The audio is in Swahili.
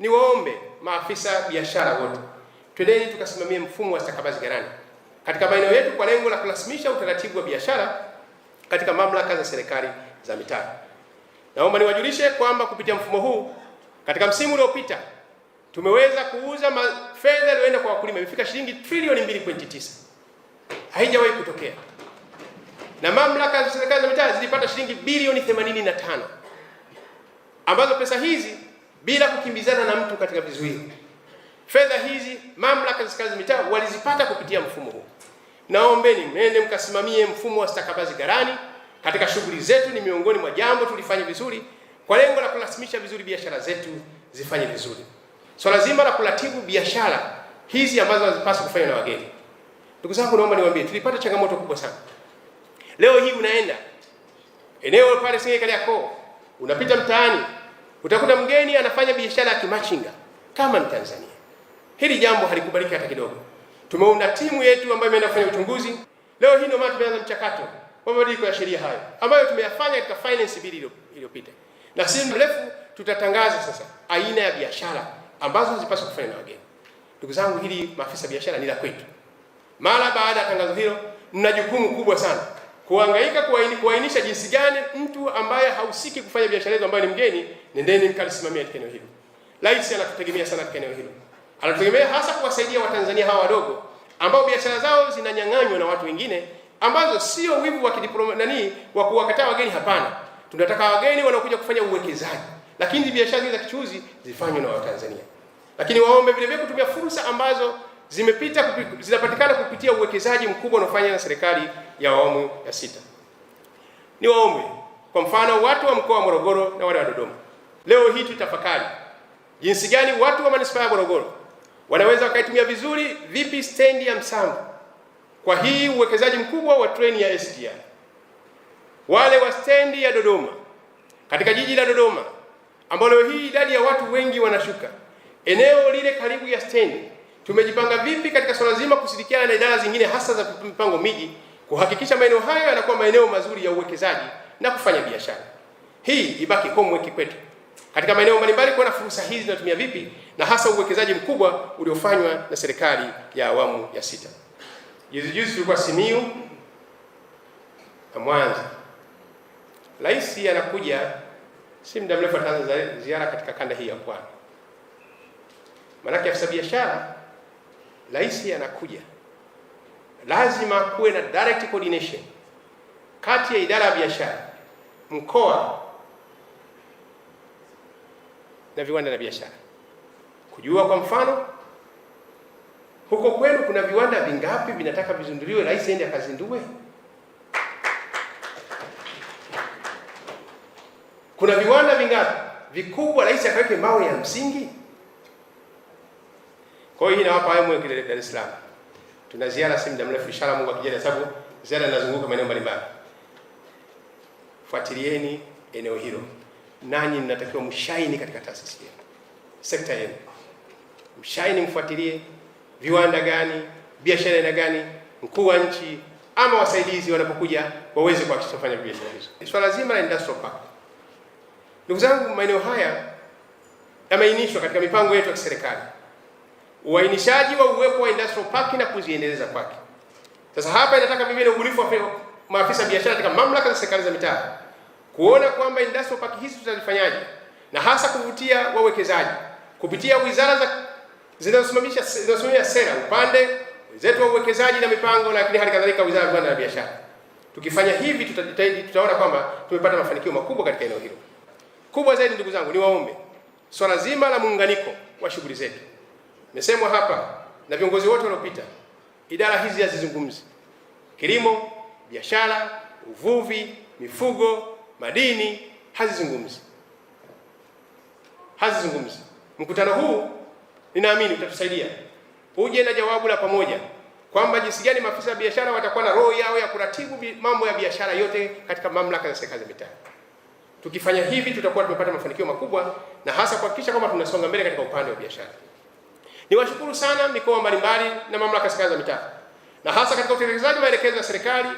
niwaombe maafisa biashara wote, twendeni tukasimamie mfumo wa stakabadhi ghalani katika maeneo yetu kwa lengo la kurasimisha utaratibu wa biashara katika mamlaka za serikali za mitaa. Naomba niwajulishe kwamba kupitia mfumo huu katika msimu uliopita tumeweza kuuza fedha iliyoenda kwa wakulima imefika shilingi trilioni 2.9, haijawahi kutokea, na mamlaka za serikali za mitaa zilipata shilingi bilioni 85 ambazo pesa hizi bila kukimbizana na mtu katika vizuizi. Fedha hizi mamlaka za serikali za mitaa walizipata kupitia mfumo huu. Naombeni mende mkasimamie mfumo wa stakabadhi ghalani katika shughuli zetu. Ni miongoni mwa jambo tulifanya vizuri kwa lengo la kurasimisha vizuri biashara zetu zifanye vizuri. Swala so zima la kuratibu biashara hizi ambazo hazipaswi kufanywa na wageni. Ndugu zangu, naomba niwaambie, tulipata changamoto kubwa sana. Leo hii unaenda eneo pale Kariakoo, unapita mtaani Utakuta mgeni anafanya biashara ya kimachinga kama Mtanzania. Hili jambo halikubaliki hata kidogo. Tumeunda timu yetu ambayo imeenda kufanya uchunguzi. Leo hii ndio maana tumeanza mchakato wa mabadiliko ya sheria hayo ambayo tumeyafanya katika finance bill iliyopita, na si mrefu tutatangaza sasa aina ya biashara ambazo zipaswa kufanya na wageni. Ndugu zangu, hili maafisa biashara ni la kwetu. Mara baada ya tangazo hilo, mna jukumu kubwa sana kuhangaika kuainisha jinsi gani mtu ambaye hahusiki kufanya biashara hizo ambaye ni mgeni, nendeni mkalisimamia katika eneo hilo. Rais anatutegemea sana katika eneo hilo, anatutegemea hasa kuwasaidia Watanzania hawa wadogo ambao biashara zao zinanyang'anywa na watu wengine, ambazo sio wivu wa kidiplomasia nani wa kuwakataa wageni. Hapana, tunataka wageni wanaokuja kufanya uwekezaji, lakini biashara za kichuuzi zifanywe na Watanzania, lakini waombe vile vile kutumia fursa ambazo zimepita zinapatikana kupitia uwekezaji mkubwa unaofanywa na serikali ya awamu ya sita. Ni waombe kwa mfano watu wa mkoa wa Morogoro na wale wa Dodoma, leo hii tutafakari jinsi gani watu wa manispaa ya Morogoro wanaweza wakaitumia vizuri vipi stendi ya Msamvu kwa hii uwekezaji mkubwa wa treni ya SGR. Wale wa stendi ya Dodoma katika jiji la Dodoma ambao hii idadi ya watu wengi wanashuka, eneo lile karibu ya stendi tumejipanga vipi katika swala zima kushirikiana na idara zingine hasa za mipango miji kuhakikisha maeneo hayo yanakuwa maeneo mazuri ya uwekezaji na kufanya biashara. Hii ibaki homework kwetu katika maeneo mbalimbali kuona fursa hizi zinatumia vipi, na hasa uwekezaji mkubwa uliofanywa na serikali ya awamu ya sita. Juzi juzi tulikuwa Simiyu na Mwanza, rais anakuja si muda mrefu ataanza ziara katika kanda hii ya Pwani, maanake afisa biashara rais anakuja, lazima kuwe na direct coordination kati ya idara ya biashara, mkoa na viwanda na biashara, kujua kwa mfano huko kwenu kuna viwanda vingapi vinataka vizinduliwe, rais ende akazindue. Kuna viwanda vingapi vikubwa, rais akaweke mawe ya msingi. Kwa hiyo hii nawapa hayo mweke Dar es Salaam. Tuna ziara si muda mrefu inshallah Mungu akijalia sababu ziara inazunguka maeneo mbalimbali. Fuatilieni eneo hilo. Nanyi mnatakiwa mshaini katika taasisi yenu. Sekta yenu. Mshaini mfuatilie viwanda gani, biashara aina gani, mkuu wa nchi ama wasaidizi wanapokuja waweze kuhakikisha kufanya biashara hizo. Swala zima la industrial park. Ndugu zangu, maeneo haya yameainishwa katika mipango yetu ya kiserikali uainishaji wa uwepo wa industrial park na kuziendeleza kwake. Sasa hapa inataka mimi na ubunifu wa maafisa biashara katika mamlaka za serikali za mitaa kuona kwamba industrial park hizi tutazifanyaje, na hasa kuvutia wawekezaji kupitia wizara za zinazosimamisha zinazosimamia sera upande zetu wa uwekezaji na mipango, lakini hali kadhalika wizara ya viwanda na biashara. Tukifanya hivi, tutajitahidi tutaona kwamba tumepata mafanikio makubwa katika eneo hilo. Kubwa zaidi, ndugu zangu, ni waombe swala so zima la muunganiko wa shughuli zetu Imesemwa hapa na viongozi wote wanaopita, idara hizi hazizungumzi kilimo, biashara, uvuvi, mifugo, madini, hazizungumzi hazizungumzi. Mkutano huu ninaamini utatusaidia uje na jawabu la pamoja kwamba jinsi gani maafisa ya biashara watakuwa na roho yao ya kuratibu mambo ya biashara yote katika mamlaka za serikali za mitaa. Tukifanya hivi, tutakuwa tumepata mafanikio makubwa na hasa kuhakikisha kwamba tunasonga mbele katika upande wa biashara. Niwashukuru sana mikoa mbalimbali na mamlaka zitakazo za mitaa na hasa katika utekelezaji maelekezo ya serikali